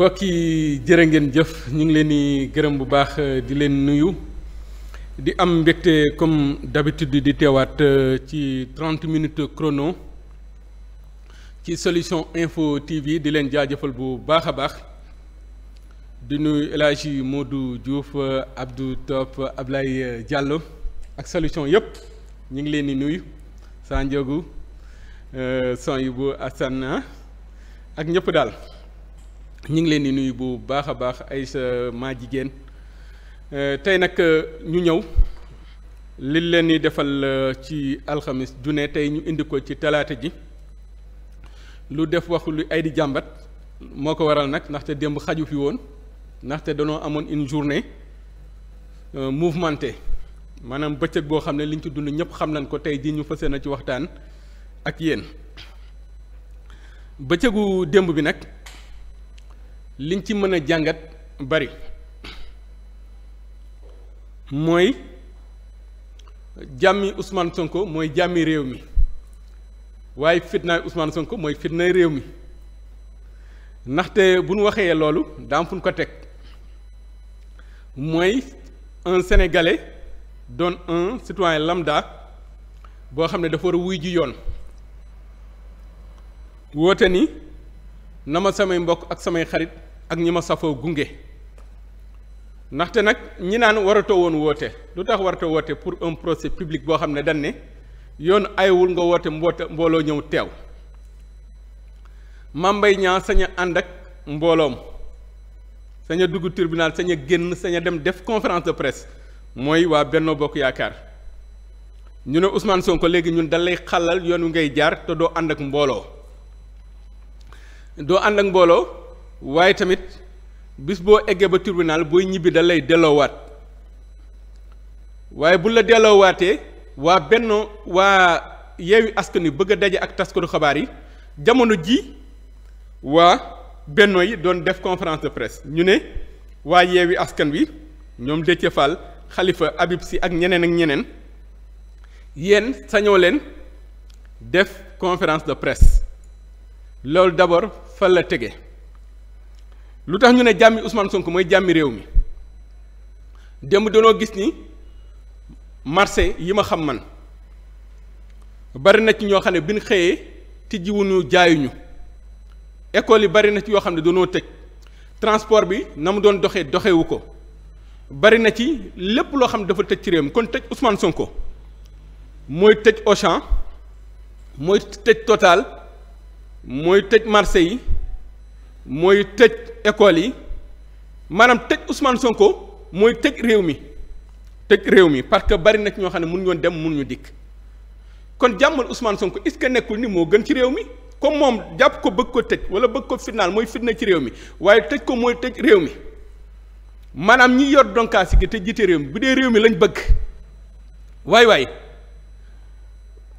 mbokk yi jërë ngeen jëf ñu ngi leen di gërëm bu baax euh, di leen nuyu di am mbégte comme d'habitude di teewaat euh, ci 30 minutes chrono ci solution info TV di leen jaajëfal bu baax a baax di nuyu El Hadji Modou Diouf euh, Abdou Top Ablaye Diallo ak solution yëpp ñu ngi leen di nuyu Sanjogu son yi bu Assane ah, ak ñëpp daal. ñu ngi leen di nuyu bu baax a baax ay sa maa jigéen tey nag euh, ñu ñëw li leen di defal euh, ci alxamis june tey ñu indi ko ci talaata ji lu def wax lu ay di jàmbat moo ko waral nag ndaxte démb xaju fi woon ndaxte danoo amoon une journée euh, mouvementée maanaam bëccëg boo xam ne liñ ci dund ñëpp xam nañ ko tey jii ñu fësee na ci waxtaan ak yéen bëccëgu démb bi nag. liñ ci mën a jàngat bari mooy jàmmi Ousmane Sonko mooy jàmmi réew mi waaye fitnaay Ousmane Sonko mooy fitnaay réew mi ndaxte bu nu waxee loolu daam fu ñu ko teg mooy un sénégalais doon un citoyen lambda boo xam ne dafa war wuy ji yoon woote ni na ma samay mbokk ak samay xarit ak ñi ma safoo gunge ndaxte nag ñi naan waratoo woon woote lu tax waratoo woote pour un procès public boo xam ne dañ ne yoon ayewul nga woote mboote mbooloo ñëw teew mambay ñaa sañ a ànd ak mbooloom sañ a dugg tribunal sañ génn sañ a dem def conférence de presse mooy waa Benno Bokk Yaakaar ñu ne Ousmane Sonko léegi ñun dalay xalal yoon wi ngay jaar te doo ànd ak mbooloo doo ànd ak mbooloo waaye tamit bis boo eggee ba tribunal booy ñibbi da lay delloowaat waaye bu la delloowaatee waa bennoo waa yeewi askan wi bëgg a daje ak taskatu xabaar yi jamono ji waa benno yi doon def conférence de presse ñu ne waa yeewi askan wi ñoom Déthié Fall Khalifa Habib Sy ak ñeneen ak ñeneen yéen sañoo leen def conférence de presse loolu d'abord fa la tege lu tax ñu ne jàmmi Ousmane Sonko mooy jàmmi réew mi démb danoo gis ni marché yi ma xam man bari na ci ñoo xam ne bi ñu xëyee tijjiwuñu jaayuñu école yi bari na ci yoo xam ne danoo tëj transport bi na mu doon doxee doxewu ko bari na ci lépp loo xam ne dafa tëj ci réew mi kon tëj Ousmane Sonko mooy tëj Auchan mooy tëj Total mooy tëj marché yi. mooy tëj école yi maanaam tëj Ousmane Sonko mooy tëj réew mi tëj réew mi parce que bari nag ñoo xam ne mun ñoon dem mun ñu dikk kon jàmmal Ousmane Sonko est-ce que nekkul ni moo gën ci réew mi comme moom jàpp ko bëgg ko tëj wala bëgg ko fitnaal mooy fitna ci réew mi waaye tëj ko mooy tëj réew mi maanaam ñi yor donkaasi gi te jiite réew mi bu dee réew mi lañ bëgg waay waay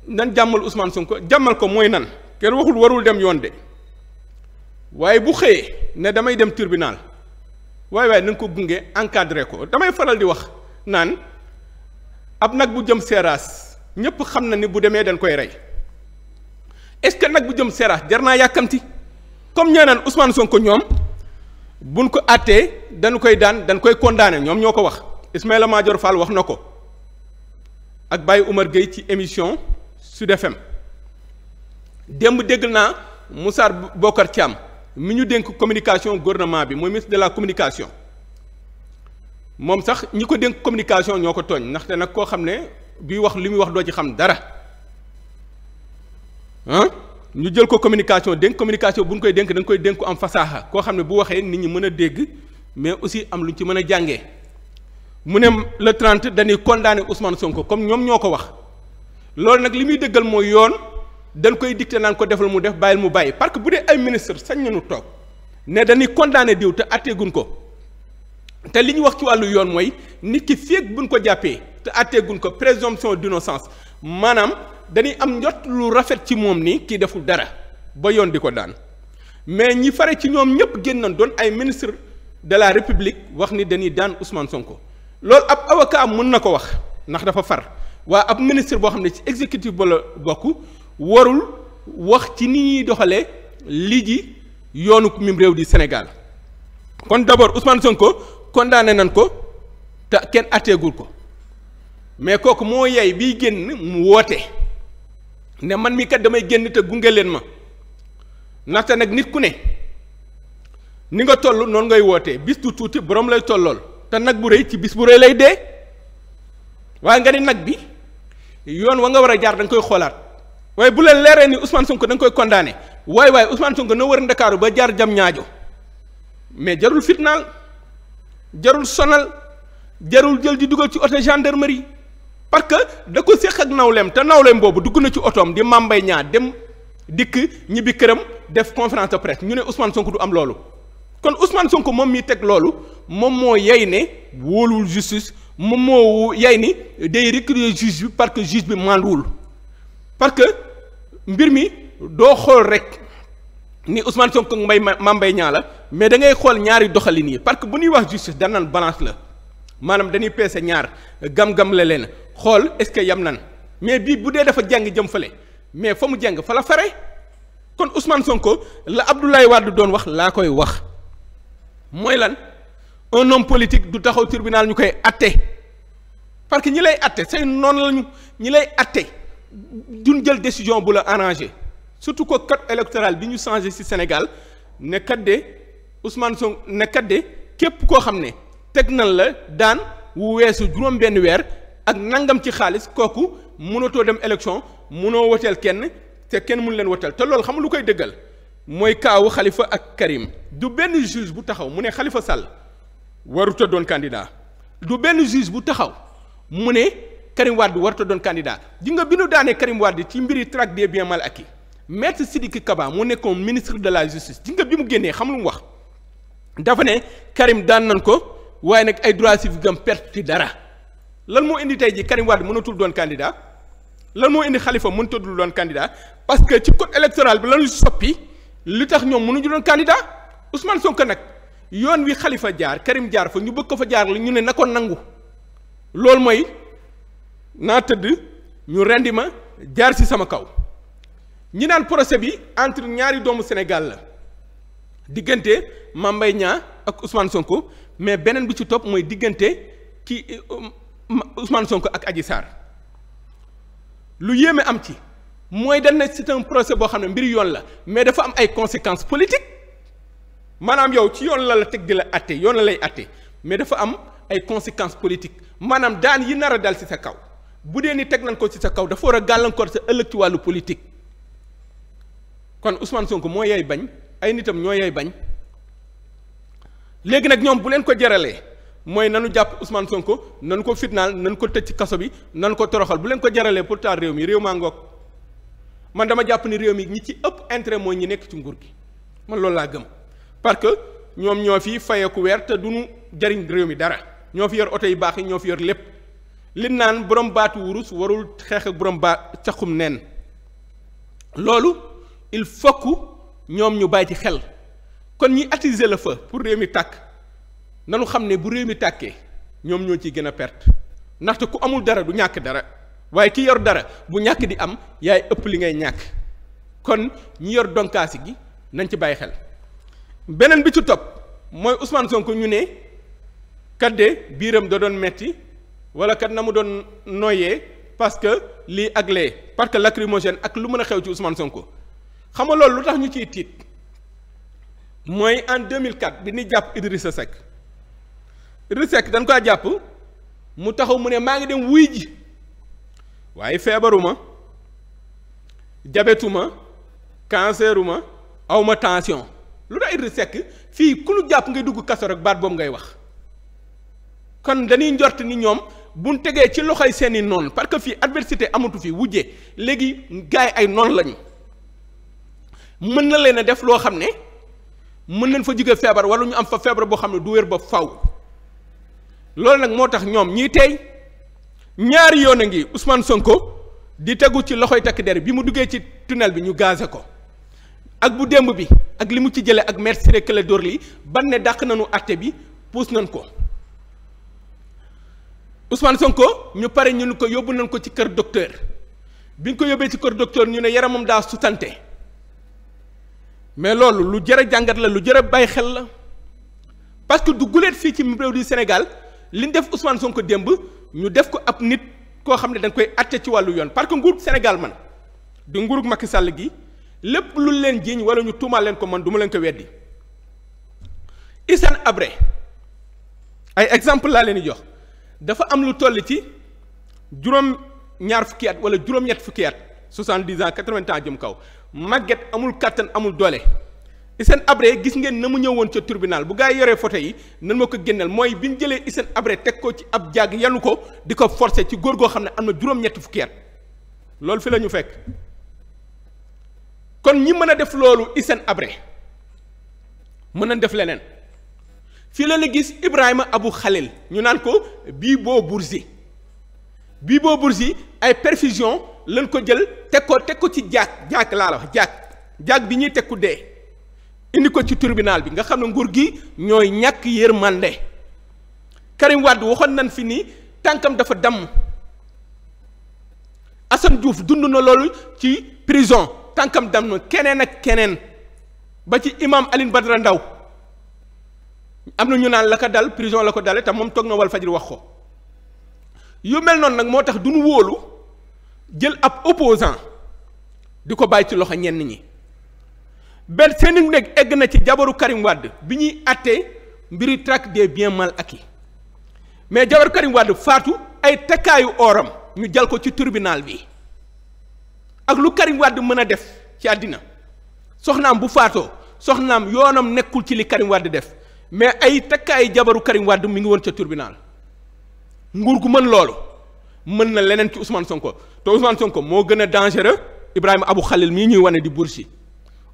nan jàmmal Ousmane Sonko jàmmal ko mooy nan kenn waxul warul dem yoon de. waaye bu xëyee ne damay dem tribunal waaye waaye na nga ko gunge encadré ko damay faral di wax naan ab nag bu jëm seeraas ñépp xam na ni bu demee dañ koy rey est-ce que nag bu jëm seeraas jar naa yàkkamti comme ñoo naan Ousmane Sonko ñoom buñ ko àttee dañu koy daan dañ koy condamné ñoom ñoo ko wax Ismaïla Madior Fall wax na ko ak Baye Oumar Gueye ci émission Sud FM démb dégg naa Moussa Bokar Thiam mi ñu dénk communication gouvernement bi mooy ministre de la communication moom sax ñi ko dénk communication ñoo ko tooñ ndaxte nag koo xam ne buy wax li muy wax doo ci xam dara ah ñu jël ko communication dénk communication bu ñu koy dénk da koy dénk am fasaaxa koo xam ne bu waxee nit ñi mën a dégg mais aussi am lu ñu ci mën a jàngee mu ne le 30 dañuy condamné Ousmane Sonko comme ñoom ñoo ko wax loolu nag li muy déggal mooy yoon. dañ koy dicté naan ko defal mu def bàyyil mu bàyyi parce que bu dee ay ministre sañ nañu toog ne dañuy condamné diw te atteeguñ ko te li ñu wax ci wàllu yoon mooy nit ki feeg buñ ko jàppee te atteeguñ ko présomption d'innocence maanaam dañuy am njot lu rafet ci moom ni kii deful dara ba yoon di ko daan mais ñi fare ci ñoom ñëpp génn nañ doon ay ministre de la république wax ni dañuy daan son ko loolu ab avocat mën na ko wax ndax dafa far waa ab ministre boo xam ne ci exécutif ba la bokk warul wax ci ni ñuy doxalee lii yoonu ku mim réew di Sénégal kon d'abord Ousmane Sonko condamné nañ ko te kenn atteegul ko mais kooku moo yey biy génn mu woote ne man mi kat damay génn te gunge leen ma ndaxte nag nit ku ne ni nga tollu noonu ngay wootee bis du tuuti borom lay tollool te nag bu rëy ci bis bu rëy lay dee waaye nga ni nag bi yoon wa nga war a jaar da koy xoolaat waaye buleen leen leeree ni Ousmane Sonko da koy condamné waaye waaye Ousmane Sonko na wër Ndakaaru ba jaar jam ñaajo mais jarul fitnaal jarul sonal jarul jël di dugal ci oto gendarmerie parce que da ko séq ak nawleem te nawleem boobu dugg na ci otoom di mambay ñaa dem dikk ñibbi këram def conférence de presse ñu ne Ousmane Sonko du am loolu kon Ousmane Sonko moom mi teg loolu moom moo yey ne wóoluwul justice moom moo yay ni day recruter juge bi parce que juge bi manduwul parce mbir mi doo xool rek ni Ousmane Sonko mbay ma mbay Niang la mais da ngay xool ñaari doxalin yi parce que bu ñuy wax justice dañ naan balance la maanaam dañuy peese ñaar gam-gam la leen xool est-ce que yam nan mais bii bu dee dafa jàng jëm fale mais fa mu jàng fala fare kon Ousmane Sonko la Abdoulaye Wade doon wax laa koy wax mooy lan un homme politique du taxaw tribunal ñu koy atte parce que ñi lay atte say noonu la ñu ñi lay atte duñ jël décision bu la arrangé surtout que code électoral bi ñu changé ci Sénégal ne kat de Ousmane Sonko ne kat de képp koo xam ne teg nan la daan wu weesu juróom-benn weer ak nangam ci xaalis kooku mënatoo dem élection mënoo woteel kenn te kenn mënu leen woteel te loolu xam lu koy dëggal mooy kaawu xalifa ak Karim du benn juge bu taxaw mu ne xalifa Sall waruta doon candidat du benn juge bu taxaw mu ne. Karim Wade warta doon candidat ji nga bi nu daanee Karim Wade ci mbiri traque des biens mal acquis maître Sidiki Kaba mu nekkoon ministre de la justice ji nga bi mu génnee xam lu mu wax dafa ne Karim daan nañ ko waaye nag ay droits civiques am perte ci dara lan moo indi tey ji Karim Wade mënatul doon candidat lan moo indi xalifa Khalifa dul doon candidat parce que ci code électoral bi lañu soppi li tax ñoom mënuñu doon candidat Ousmane Sonko nag yoon wi xalifa jaar Karim jaar fa ñu bëgg ko fa jaar la ñu ne na ko loolu mooy naa tëdd ñu rendi ma jaar ci sama kaw ñi naan procès bi entre ñaari doomu Sénégal la diggante Mame mbay ñaa ak Ousmane Sonko mais beneen bi ci topp mooy diggante ki um, Ousmane Sonko ak Adji Sarr lu yéeme am ci mooy dañ ne c'est un procès boo xam ne mbir yoon la mais dafa am ay conséquences politiques maanaam yow ci yoon la la teg di la atte yoon la lay atte mais dafa am ay conséquences politique maanaam daan yi nar a dal ci sa kaw bu dee ni teg nañ ko ci sa kaw dafa war a gàllankoor sa ëllëg ci wàllu politique kon Ousmane Sonko moo yay bañ ay nitam ñoo yay bañ léegi nag ñoom bu leen ko jaralee mooy nanu jàpp Ousmane Sonko nanu ko fitnaal nanu ko tëj ci kaso bi nanu ko toroxal bu leen ko jaralee pour taal réew mi réew maa ngoog man dama jàpp ni réew mi ñi ci ëpp intérêt mooy ñi nekk ci nguur gi man loolu laa gëm parce que ñoom ñoo fi fayeeku weer te du ñu jariñ réew mi dara ñoo fi yor oto yu baax yi fi yor lépp. lim naan borom baatu wurus warul xeex ak borom ba caxum nen loolu il faut ñoom ñu bàyyi ci xel kon ñi attiser le feu pour réew mi tàkk nanu xam ne bu réew mi tàkkee ñoom ñoo ciy gën a perte ndaxte ku amul dara du ñàkk dara waaye ki yor dara bu ñàkk di am yaay ëpp li ngay ñàkk kon ñi yor donkaasi gi nañ ci bàyyi xel beneen bi ci topp mooy Ousmane Sonko ñu ne kadde biiram da doon metti wala kan na mu doon noyee parce que lii agle lee parce que lacrymogène ak lu mën a xew ci Ousmane Sonko xam nga loolu lu tax ñu ciy tiit mooy en 2004 bi ni jàpp Idrissa Seck Idrissa Seck dañ koo jàpp mu taxaw mu ne maa ngi dem wuy ji waaye feebaruma jabetuma canceruma awma tension lu tax Idrissa Seck fii ku nu jàpp ngay dugg kaso rek baat boobu ngay wax kon dañuy njort ni ñoom buñ tegee ci loxoy seen i noon parce que fii adversité amatu fi wujje léegi gars yi ay noon lañu mën na leen a def loo xam ne mën nañ fa jóge feebar wala ñu am fa feebar boo xam ne du wér ba faw loolu nag moo tax ñoom ñii tey ñaari yoon a ngi Ousmane Sonko di tegu ci loxo yi takk der bi mu duggee ci tunnel bi ñu gazé ko ak bu démb bi ak li mu ci jëlee ak maître Ciré Clédor Ly ban ne dàq nañu àtte bi puus nañ ko. Ousmane Sonko ñu pare ñu ko yóbbu nañ ko ci kër docteur bi ñu ko yóbbee ci kër docteur ñu ne yaramam daa sutante mais loolu lu jër a jàngat la lu jër a bàyyi xel la parce que du guleet fii ci réew du Sénégal li ñu def Ousmane Sonko démb ñu def ko ab nit koo xam ne dañ koy atte ci wàllu yoon parce que nguur Sénégal man du nguurug Macky sàll gi lépp lu leen jiiñ wala ñu tuumaal leen ko man du ma leen ko weddi Hissène Habré ay exemple laa leen di jox dafa am lu toll ci juróom ñaar fukki at wala juróom-ñett fukki at soixante-dix ans quatre kaw màgget amul kàttan amul doole Hissène abre gis ngeen na mu woon ca tribunal bu gaa yi yoree photo na nan ma ko génneel mooy bi jëlee Hissène Habré teg ko ci ab jàgg yanu ko di ko forcer ci góor goo xam ne am na juróom-ñetti fukki at loolu fi la ñu fekk kon ñi mën a def loolu Hissène Habré mën a def leneen. fii la la gis Ibrahima Abu Khalil ñu naan ko bii Bibo bii Bibo Bourgi ay perfusion lañ ko jël teg ko teg ko ci jaag jaag laa la wax bi ñuy teg dee indi ko ci tribunal bi nga xam ne nguur gi ñooy ñàkk yërmande Karim Wade waxoon nañ fi ni tànkam dafa damm Assane Diouf dund na loolu ci prison tànkam damm keneen ak keneen ba ci imam Alioune Badara ndaw am na ñu naan la ko dal prison la ko dale te moom toog na wal fajri wax ko yu mel noon nag moo tax du ñu wóolu jël ab opposant di ko bàyyi ci loxo ñenn ñi benn seeni nekk egg na ci jabaru Karim Wade bi ñuy àttee mbiri traque des biens mal acquis mais jabaru Karim faatu ay takkaayu ooram ñu jal ko ci tribunal bi ak lu Karim Wade mën a def ci àddina soxnaam bu faatoo soxnaam yoonam nekkul ci li Karim Wade def mais ay takk jabaru Karim Wade mi ngi woon ca tribunal nguur gu mën loolu mën na leneen ci Ousmane Sonko te Ousmane Sonko moo gën a dangereux Ibrahima Abou Khalil mii ñuy wane di Bourgi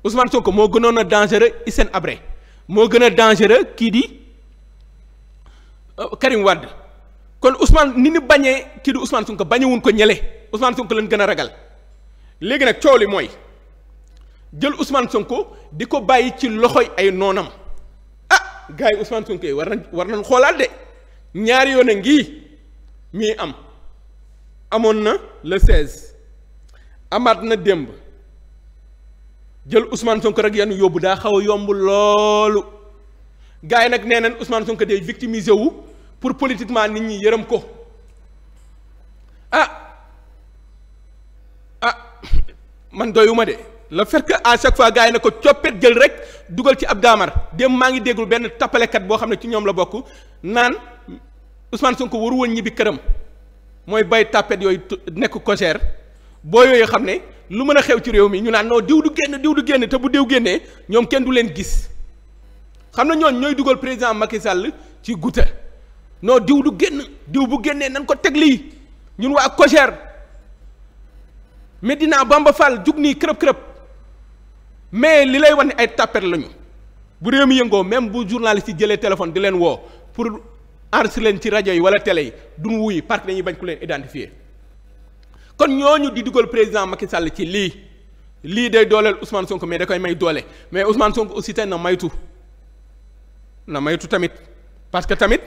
Ousmane Sonko moo gënoon a dangereux Hissène Habré moo gën a dangereux kii di euh, Karim Wade kon Ousmane ni ñu bañee kii di Sonko bañewuñ ko ñele Ousmane Sonko lañ gën a ragal léegi nag coow li mooy jël Ousmane Sonko di ko bàyyi ci loxoy ay noonam. gars yi Ousmane Sonko war na war nañ xoolaat de ñaari yoon a ngi mii am amoon na le 16 amaat na démb jël Ousmane Sonko rek yanu yóbbu daa xaw a yomb loolu gars yi nag nee nañ Ousmane Sonko day victimisé wu pour politiquement nit ñi yërëm ko ah ah man doyuma de. la fait à chaque fois gars yi ne ko coppet jël rek dugal ci ab daamar dem maa ngi déggul benn tappalekat boo xam ne ci ñoom la bokk naan Ousmane Sonko waru woon ñibbi këram mooy bay tappet yooyu nekk cogère boo yooyu xam ne lu mën a xew ci réew mi ñu naan noo diw du génn diw du génn te bu diw génnee ñoom kenn du leen gis xam na ñoon ñooy dugal président Macky Sall ci guta noo diw du génn diw bu génnee nan ko teg lii ñun waa cogère Medina Bamba Fall jug nii kërëb kërëb mais li lay wan ne ay tapet lañu bu réew mi yëngoo même bu journaliste yi jëlee téléphone di leen woo pour enregistrer leen ci rajo yi wala télé yi duñ wuy parce que dañuy bañ ku leen identifier kon ñooñu di dugal président Macky Sall ci lii lii day dooleel Ousmane Sonko mais da koy may doole mais Ousmane Sonko aussi tey na maytu na maytu tamit parce que tamit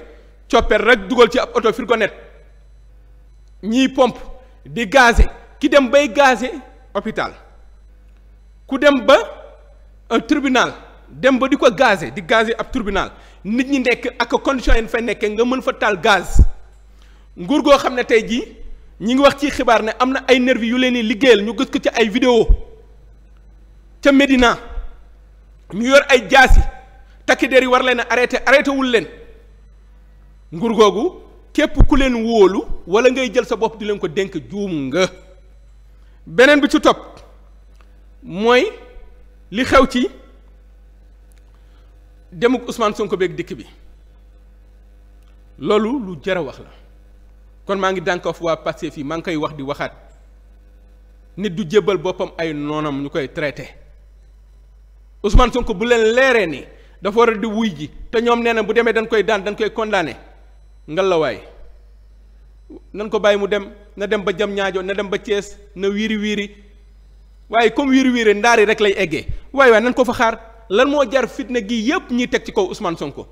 coppet rek dugal ci ab oto fourgonnette ñiy pomp di gaze ki dem bay gaze hôpital ku dem ba euh, un dem ba di ko gazé di gazé ab tribunal nit ñi nekk ak condition yi nekkee nga mën fa taal gaz nguur goo xam ne tey jii ñi ngi wax ci xibaar ne am na ay nervi yu leen di liggéeyal ñu gis ko ci ay vidéo ca Médina ñu yor ay jaasi takk der yi war leen a arrêté arrêté wul leen nguur googu képp ku leen wóolu wala ngay jël sa bopp di leen ko dénk juum nga beneen bi ci topp mooy li xew ci demuk Ousmane Sonko beeg dikk bi loolu lu jar a wax la kon maa ngi dànkoof waa Pastef fii maa ngi koy wax di waxaat nit du jébbal boppam ay noonam ñu koy traité Ousmane Sonko bu leen leeree ni dafa war di wuy ji te ñoom nee na bu demee dañ koy daan dañ koy condamné ngalawaay nan ko bàyyi mu dem na dem ba jam ñaajo na dem ba cees na wiiri wiiri waaye comme wiir wiire ndaari rek lay eggee waaye waaye nan ko fa xaar lan moo jar fitna gi yépp ñuy teg ci kaw Ousmane Sonko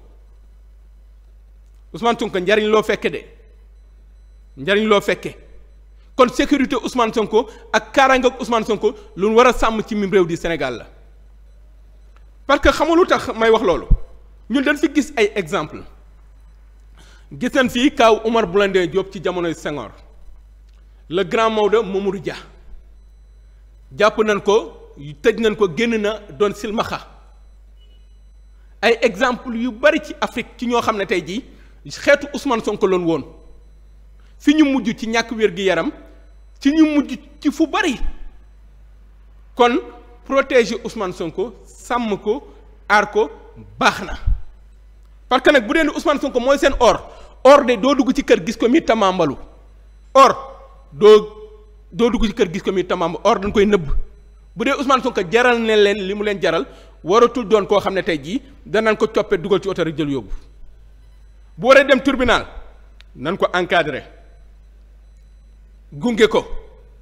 Ousmane Sonko njariñ loo fekke de njariñ loo fekke kon sécurité Ousmane Sonko ak kaaraange usmaan Ousmane Sonko lu war a sàmm ci mim réew di Sénégal la parce que xamul lu tax may wax loolu ñun dañ fi gis ay exemple gis nañ fii kaaw Omar Blondin Diop ci jamonoy Senghor le grand Maodo Mamadou Dia jàpp nañ ko tëj nañ ko génn na doon silmaxa ay exemple yu bari ci Afrique ci ñoo xam ne tey jii xeetu Ousmane Sonko loon woon fi ñu mujj ci ñàkk wér-gi-yaram ci ñu mujj ci fu bari kon protéger Ousmane Sonko sàmm ko aar ko baax na parce que nag bu dee ni Ousmane Sonko mooy seen or or de doo dugg ci kër gis ko mi tamambalu or doo doo dugg ci kër gis ko mi tamam or dañ koy nëbb bu dee Ousmane Sonko jaral ne leen li mu leen jaral waratul doon koo xam ne tey jii danañ ko coppe dugal ci oto rek jël yóbbu bu waree dem tribunal nan ko encadré gunge ko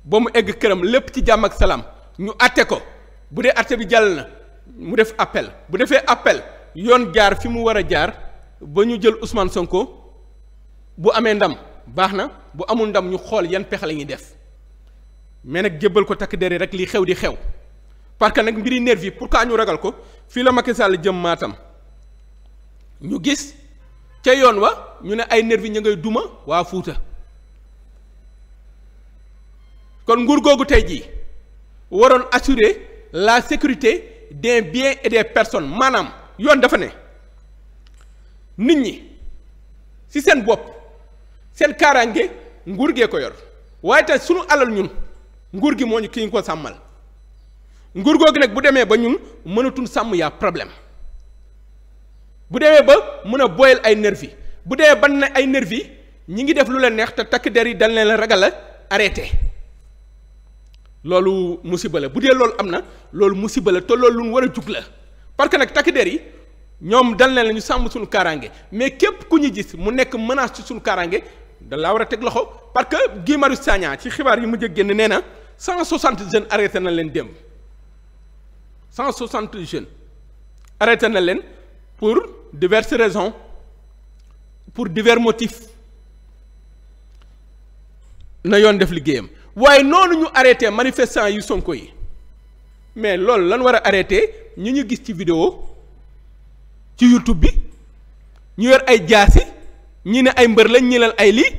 ba mu egg këram lépp ci jàmm ak salaam ñu atte ko bu dee atte bi jàll na mu def appel bu defee appel yoon jaar fi mu war a jaar ba ñu jël Ousmane Sonko bu amee ndam baax na bu amul ndam ñu xool yan pexe la ñuy def mais nag jébbal ko takk der yi rek li xew di xew parce que nag mbiri nervi yi pourquoi ñu ragal ko fii la Macky Sall jëm Matam ñu gis ca yoon wa ñu ne ay nervi ñu ngay duma waa Fuuta kon nguur googu tey jii waroon assurer la sécurité des bien et des personnes maanaam yoon dafa ne nit ñi ci seen bopp seen kaaraange nguur gee ko yor waaye te sunu alal ñun nguur gi moo ñu ki ñu ko sàmmal nguur googu nag bu demee ba ñun mënatuñ sàmm yaa problème bu demee ba mun a boyal ay nervi bu demee ban na ay nervi ñi ngi def lu leen neex te takk der yi dal leen la ragal la arrêté loolu musiba la bu dee loolu am na loolu musiba la te loolu lu war jug la parce que nag takk der yi ñoom dal leen la ñu sàmm suñu kaaraange mais képp ku ñu gis mu nekk menace ci suñu kaaraange da laa a teg loxo parce que Guy Marius ci xibaar yi mu jëg génn nee na cent soixante jeunes arrêté na leen démb cent soixante jeunes arrêté na leen pour diverses raison pour divers motifs na yoon def liggéeyam waaye noonu ñu arrêté manifestant yu Sonko yi mais loolu lan war a arrêté ñu ñu gis ci vidéo ci YouTube bi ñu yor ay jaasi ñi ne ay mbër lañ ñi leen ay lii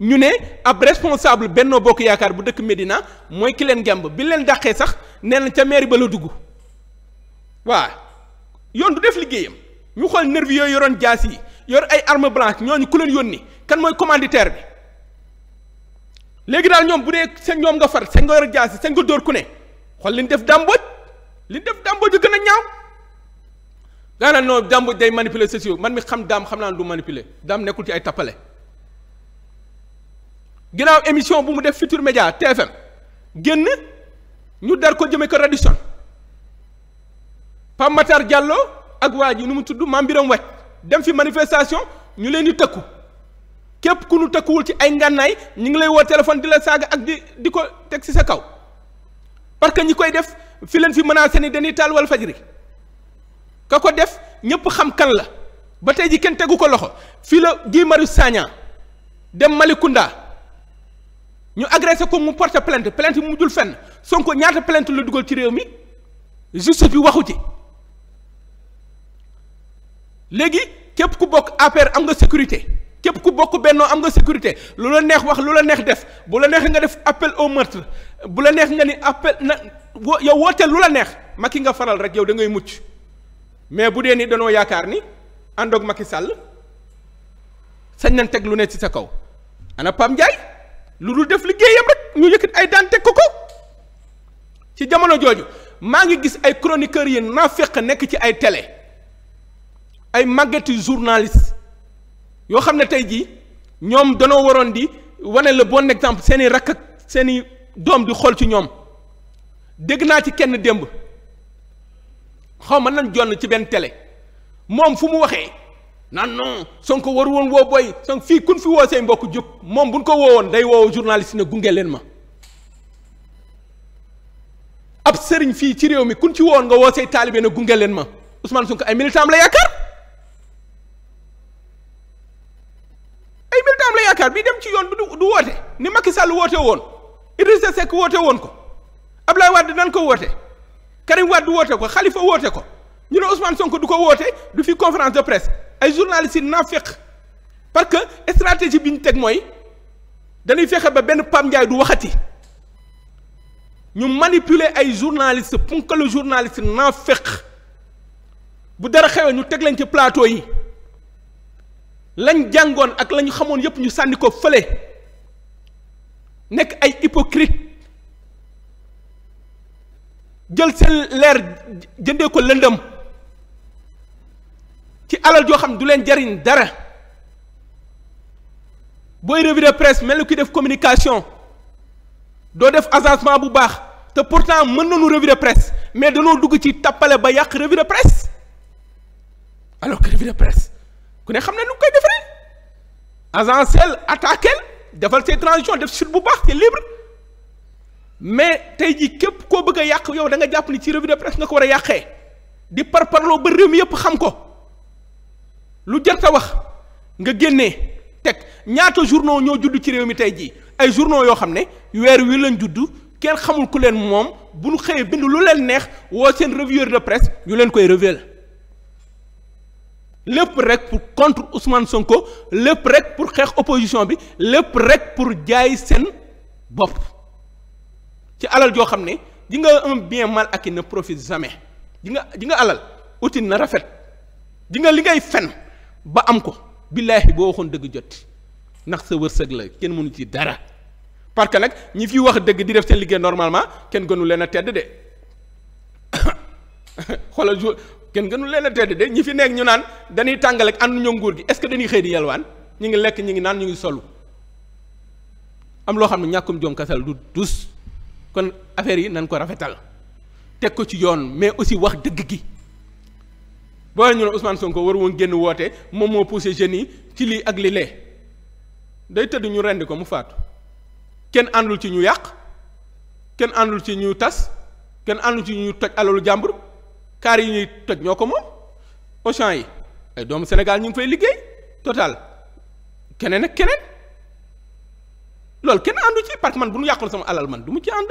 ñu ne ab responsable Benno Bokk Yaakaar bu dëkk Medina mooy ki leen gemb bi leen dàqee sax nee na ca mairie ba la dugg waa yoon du def liggéeyam ñu xool nervi yooyu yoroon jaas yi yor ay arme blanche ñooñu ku leen yónni kan mooy commanditaire bi léegi daal ñoom bu dee sa ñoom nga far sa nga yor jaas yi nga dóor ku ne xool li ñu def dàmbooj li ñu def dàmbooj a gën a ñaaw. daa noo non jàmb day manipuler sociaux man mi xam daam xam naa ne du manipuler daam nekkul ci ay tappale ginnaaw émission bu mu def Futur Média TFM génn ñu dar ko jëme ko Radisson Pape Matar Diallo ak waa ji nu mu tudd Mame Birame Wathie dem fi manifestation ñu leen di tëkku képp ku nu tëkkuwul ci ay ngànnaay ñu ngi lay woo téléphone di la saaga ak di di ko teg ci sa kaw parce que ñi koy def fi leen fi mën menacé ni dañuy taal Walfadjri nga ko def ñëpp xam kan la ba tey ji kenn tegu ko loxo fii la Guy Marius Sagna dem Malicounda ñu agressé ko mu porte plainte plainte mu mujjul fenn Sonko ñaata plainte la dugal ci réew mi justice bi waxu ci léegi képp ku bokk APR am nga sécurité képp ku bokk bennoo am nga sécurité lu la neex wax lu la neex def bu la neex nga def appel au meurtre bu la neex nga ni appel na yow wooteel lu la neex Macky nga faral rek yow da ngay mucc mais bu dee ni danoo yaakaar ni ànd ak Macky sàll sañ nañ teg lu ne ci sa kaw anapam Pam lu dul def liggéeyam rek ñu yëkkat ay daan teg ko ko ci jamono jooju maa ngi gis ay chroniqueurs yi naafeq nekk ci ay tele ay màggetu journaliste yoo xam ne tey jii ñoom danoo waroon di wane la bon exemple seen i rakk ak seen i doom di xool ci ñoom dégg naa ci kenn démb. xaw ma nan jonn ci benn tele moom fu mu waxee nan non Sonko waru woon woo booy Sonko fii kun fi woo say mbokk jóg moom buñ ko woowoon day woow journaliste ne gunge leen ma ab sëriñ fii ci réew mi kun ci woowoon nga woo say taalibe ne gunge leen ma Ousmane Sonko ay militant am la yaakaar ay militant la yaakaar bii dem ci yoon bi du du woote ni Macky Sall woote woon Idrissa Seck woote woon ko Ablaye Wade nan ko woote Karim Wade woote ko xalifa woote ko ñu ne Ousmane Sonko du ko woote du fi conférence de presse ay journalistes yi naafeq parce que stratégie bi ñu teg mooy dañuy fexe ba benn Pam Ndiaye du waxati ñu manipuler ay journalistes punkalu journaliste naafeq bu dara xewee ñu teg leen ci plateau yi lañ jàngoon ak la ñu xamoon yépp ñu sànni ko fële nekk ay hypocrite jël seen leer jëndee ko lëndëm ci alal joo xam du leen jariñ dara booy revue de mel ni kuy def communication doo def agencement bu baax te pourtant mën na revue de presse mais danoo dugg ci tappale ba yàq revue de presse alors que revue ku ne xam na nu koy defee agencel attaquel defal say transition def suite bu baax te libre mais tey jii képp koo bëgg yàq yow da nga jàpp ni ci revue de presse nga ko war a yàqee di parparloo ba réew mi yëpp xam ko lu jarta wax nga génnee teg ñaata journaux ñoo judd ci réew mi tey jii ay journaux yoo xam ne weer wi lañ juddu kenn xamul ku leen moom bu ñu xëyee bind lu leen neex woo seen revueur de presse ñu leen koy revuer lépp rek pour contre Ousmane Sonko lépp rek pour xeex opposition bi lépp rek pour jaay seen bopp. ci alal joo xam ne ji nga un bien mal i na profite jamais ji nga ji nga alal uti na rafet ji nga li ngay fen ba am ko billaahi boo waxoon dëgg jot ndax sa wërsëg la kenn mënu ci dara parce que nag ñi fi wax dëgg di def seen liggéey normalement kenn gënu leen a tedd de xoolal jour kenn gënu leen a tedd de ñi fi nekk ñu naan dañuy tàngale ak ànd ñoo nguur gi est-ce que dañuy xëy di yalwaan ñu ngi lekk ñu ngi naan ñu ngi solu am loo xam ne ñàkkum jom kasal du dus kon affaire yi nañ ko rafetal teg ko ci yoon mais aussi wax dëgg gi boo ñu ne Ousmane Sonko war woon génn woote moom moo poussé jeunes yi ci lii ak li lee day tëdd ñu rendi ko mu faatu kenn àndul ci ñu yàq kenn àndul ci ñu tas kenn àndul ci ñu toj alalu jàmbur kaar yi ñuy toj ñoo ko moom Auchan yi ay doomu Sénégal ñu ngi fay liggéey total keneen ak keneen. loolu kenn àndu ci parce que man bu ñu yàqul sama alal man du mu ci ànd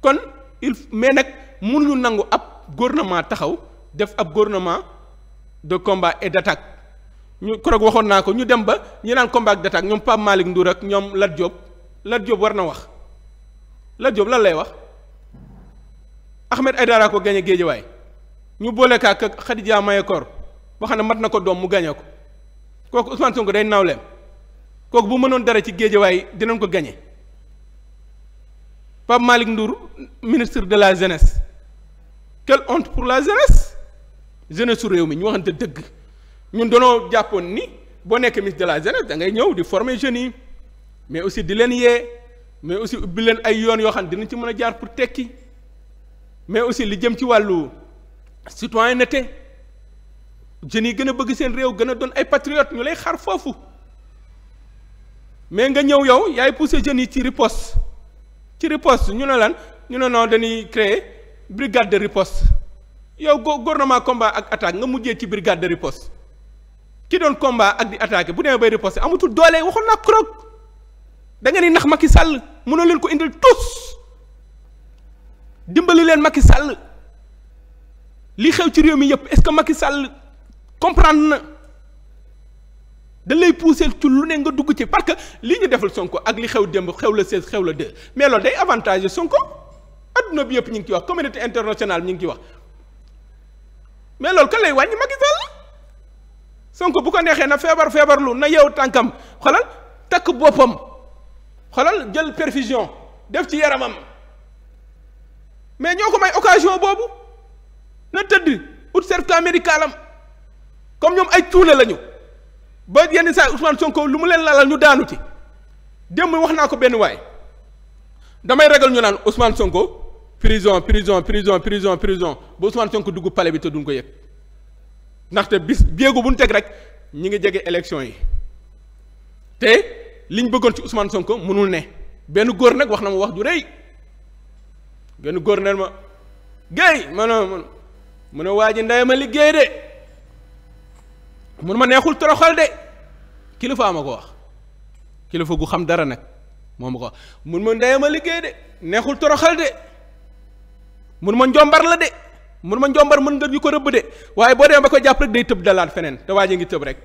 kon il mais nag mënuñu nangu ab gouvernement taxaw def ab gouvernement de combat et d'attaque ñu keroog waxoon naa ko ñu dem ba ñu naan combat ak d'attaque ñoom Pape Malick nduur ak ñoom Lat Diop Lat Diop war na wax Lat Diop lan lay wax Ahmed Aïdara ko gañe Géejawaay ñu boole kaa ak Khadija Mahécor boo xam ne mat na ko doom mu gañe ko kooku Ousmane Sonko day nawleem kooku bu mënoon dara ci géejawaay dinañ ko gañe Pape Malick Ndour ministre de la jeunesse quel honte pour la jeunesse jeunesse su réew mi ñu waxante dëgg ñun danoo jàppoon ni boo nekk ministre de la jeunesse dangay ñëw di former jeunes yi mais aussi di leen yee mais aussi ubbi leen ay yoon yoo xam ne dinañ ci mën a jaar pour tekki mais aussi li jëm ci wàllu citoyenneté jeunes yi gën a bëgg seen réew gën a doon ay patriotes ñu lay xar foofu. mais nga ñëw yow yaay pousser jeunes yi ci riposte ci riposte ñu ne lan ñu ne non dañuy créer brigade de riposte yow gouvernement combat ak attaque nga mujjee ci brigade de riposte ki doon combat ak di attaqué bu demee bay riposte amatul doole waxoon naa krog da nga ni nax Macky Sall mënoo leen ko indil tous dimbali leen Macky Sall li xew ci réew mi yëpp est-ce que Macky Sall comprendre na. da lay pousser lu ne nga dugg ci parce que li ñu defal Sonko ak li xew démb xew la 16 xew la 2 mais loolu day avantage Sonko adduna bi yëpp ñu ngi ciy wax communauté internationale ñu ngi ciy wax mais loolu kan lay wàññi Macky Sall la Sonko bu ko neexee na feebar feebarlu na yeew tànkam xolal takk boppam xolal jël perfusion def ci yaramam mais ñoo ko may occasion boobu na tëdd ut certificat médical am comme ñoom ay tuule lañu. ba yenn saa Ousmane Sonko lu mu leen lalal ñu daanuti démb wax naa ko benn waay damay ragal ñu naan usmaan Sonko prison prison prison prison prison ba Ousmane Sonko dugg palais bi te duñ ko yëg ndaxte bis jéego bu ñu teg rek ñu ngi jege élection yi te liñ bëggoon ci usmaan Sonko mënul ne benn góor nag wax na mu wax du rëy benn góor ne ma géey ma ne ma ne waa ji ndey ma liggéey de mun ma neexul toroxal de kilifa ma ko wax kilifa gu xam dara nag moo ma ko wax mun ma ndeyama liggéey de neexul toroxal de mun ma njombar la de mun ma njombar mën nga ñu ko rëbb de waaye boo demee ba ko jàpp rek day tëb dalaat feneen te waa ji ngi tëb rek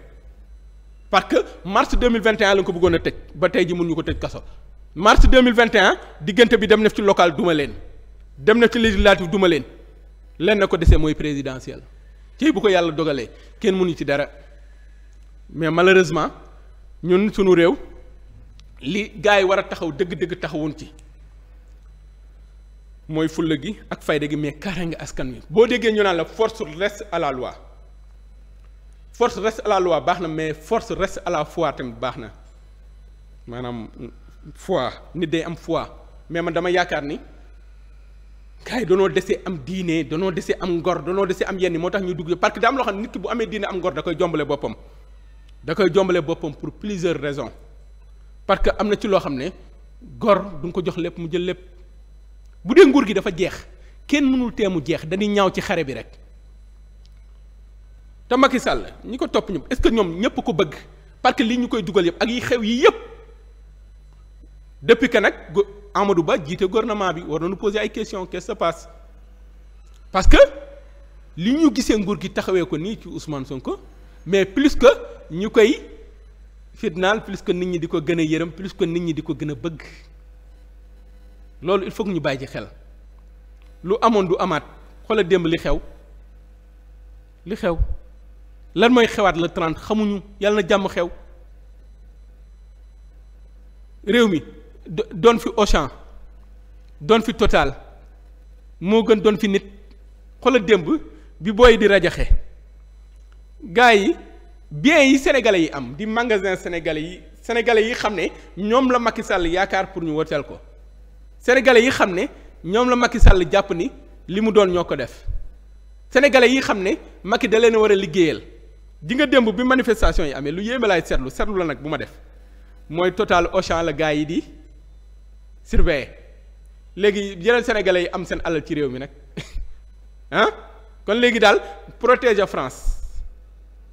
parce que mars 2021 la nga ko bëggoon a tëj ba tey ji mun ñu ko tëj kaso mars 2021 diggante bi dem na ci local duma leen dem na ci législative duma leen len na ko desee mooy présidentiel ci bu ko yàlla dogalee kenn mënu ci dara mais malheureusement ñun sunu réew li gars yi war a taxaw dëgg-dëgg taxawun ci mooy fulla gi ak fayda gi mais kaaraange askan wi boo déggee ñu naa la force reste à la loi force reste à baax na mais force reste à la foi tamit baax na maanaam foi nit day am foi mais man dama yaakaar ni gars yi desee am diine danoo desee am ngor danoo desee am yenn moo tax ñu dugg parce daa am loo xam nit bu amee diine am ngor da koy jombale boppam. da koy jombale boppam pour plusieurs raison parce que am na ci loo xam ne gor du nga ko jox lépp mu jël lépp bu dee nguur gi dafa jeex kenn mënul teemu jeex dañuy ñaaw ci xare bi rek te Macky Sall ñi ko topp ñoom est-ce que ñoom ñëpp ko bëgg parce que lii ñu koy dugal yëpp ak yi xew yii yëpp depuis que nag Amadou Ba jiite gouvernement bi war nañu poser ay question qu'est-ce qui parce que li ñu gisee nguur gi taxawee ko nii ci Ousmane ko mais plus que ñu koy fitnaal plus que nit ñi di ko gën a yërëm plus que nit ñi di ko gën a bëgg loolu il faut ñu bàyyi ci xel lu amoon du amaat a démb li xew li xew lan mooy xewaat la 30 xamuñu yàlla na jàmm xew réew mi doon fi Auchan doon fi Total moo gën doon fi nit a démb bi booy di rajaxe gars yi biens yi sénégalais yi am di magasin sénégalais yi sénégalais yi xam ne ñoom la Macky sàll yaakaar pour ñu woteel ko sénégalais yi xam ne ñoom la Macky Sall jàpp ni li mu doon ñoo ko def sénégalais yi xam ne Macky da leen war a liggéeyal di nga démb bi manifestation yi amee lu yéeme laay seetlu seetlu la nag bu ma def mooy total Auchan la gars yi di surveiller léegi yeneen sénégalais yi am seen alal ci réew mi nag ah kon léegi daal protéger France.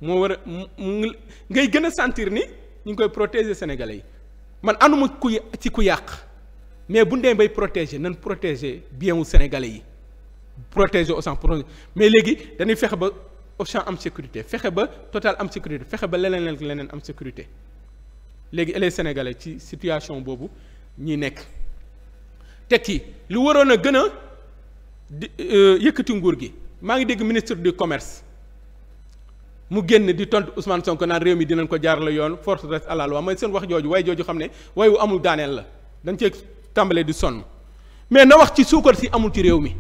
moo war a mu mu ngay gën a sentir ni ñu ngi koy protéger sénégalais yi man anuma ku ci ku yàq mais bu ndee bay protéger nan protéger bien wu sénégalais yi protéger Auchan protéger mais léegi dañuy fexe ba Auchan am sécurité fexe ba Total am sécurité fexe ba leneen ak leneen am sécurité léegi les sénégalais ci situation boobu ñi nekk tekki lu waroon a gën a di euh, yëkkati nguur gi maa ngi dégg ministre du commerce mu génn di tontu Ousmane Sonko naan réew mi dinañ ko jaarale yoon force reste à la loi mooy seen wax jooju way jooju xam ne way wu amul daaneel la dañ cee tàmbalee di sonn mais na wax ci suukar si amul ci réew mi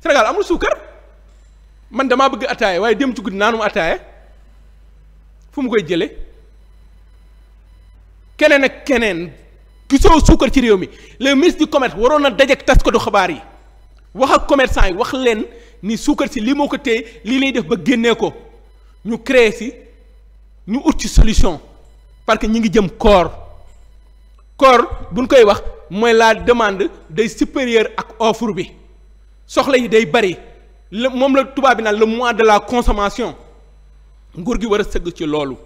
Sénégal amul suukar man damaa bëgg ataaya waaye dem ci guddi naanum ataaya fu mu koy jëlee keneen ak keneen gisoo suukar ci réew mi le ministre du commerce waroon na dajeek taskatu xabaar yi wax ak commercant yi wax leen ni suukar si lii moo ko téye lii lay def ba génnee ko. ñu créer si ñu ut ci solution parce que ñu ngi jëm koor bu buñ koy wax mooy la demande day supérieure ak offre bi soxla yi day bari la moom la tubaab bi naan le mois de la consommation nguur gi war a sëgg ci loolu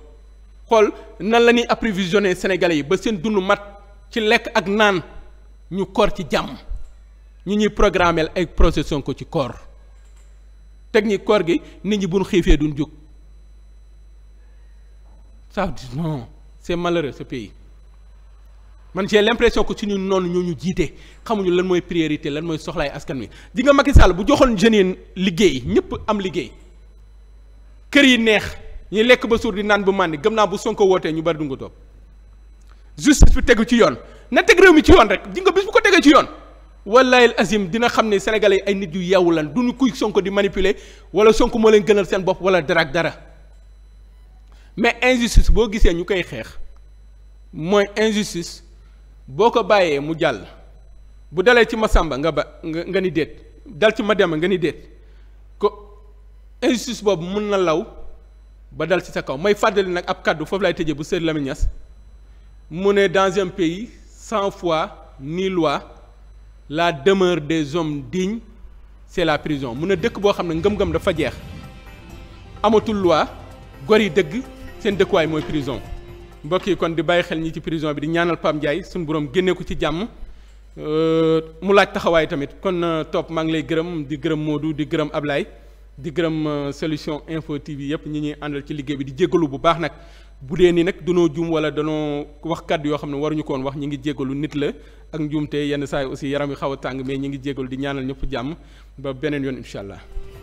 xool nan la ñuy approvisionner sénégalais yi ba seen dund mat ci lekk ak naan ñu koor ci jàmm ñu ñuy programmeel ay procession ko ci koor technique koor gi nit ñi buñ xiifee duñ jóg ça veut dire non c'est malheureux ce pays man j'ai l'impression ci suñu noonu ñoo ñu jiite xamuñu lan mooy priorité lan mooy soxlaay askan wi di nga Macky Sall bu joxoon jeunes yi liggéey ñëpp am liggéey kër yi neex ñu lekk ba suur di naan bu màndi gëm naa bu Sonko wootee ñu bari du nga toog justice bi tegu ci yoon na teg réew mi ci yoon rek di nga bis bu ko tegee ci yoon wallahi asim dina xam ne sénégalais ay nit yu yeewu lan duñu kuy Sonko di manipuler wala sonk moo leen gënal seen bopp wala dara dara mais injustice boo gisee ñu koy xeex mooy injustice boo ko bàyyee mu jàll bu dalee ci ma Masamba nga ba nga nga ni déet dal ci ma Mademba nga ni déet ko injustice boobu mën na law ba dal ci sa kaw may fàddali nag ab kàddu foofu lay tëjee bu Sëriñ Lamine mu ne dans un cent fois foi ni loi la demeure des hommes dignes c'est la prison mu ne dëkk boo xam ne ngëm-ngëm dafa jeex amatul loi gor yi dëgg seen dëkkuwaay mooy prison mbokk yi kon di bàyyi xel ñi ci prison bi di ñaanal Pape Ndiaye suñu borom génnee ko ci jàmm euh, mu laaj taxawaay tamit kon euh, topp maa ngi lay gërëm di gërëm Modou di gërëm Ablaye di gërëm euh, solution info TV yëpp ñi ñuy àndal ci liggéey bi di jégalu bu baax nag bu dee nii nag danoo juum wala danoo wax kàddu yoo xam ne waruñu koon wax ñi ngi jégalu nit la ak njuumte yenn saa yi aussi yaram yu xaw a tàng mais ñi ngi jégalu di ñaanal ñëpp jàmm ba yoon incha allah.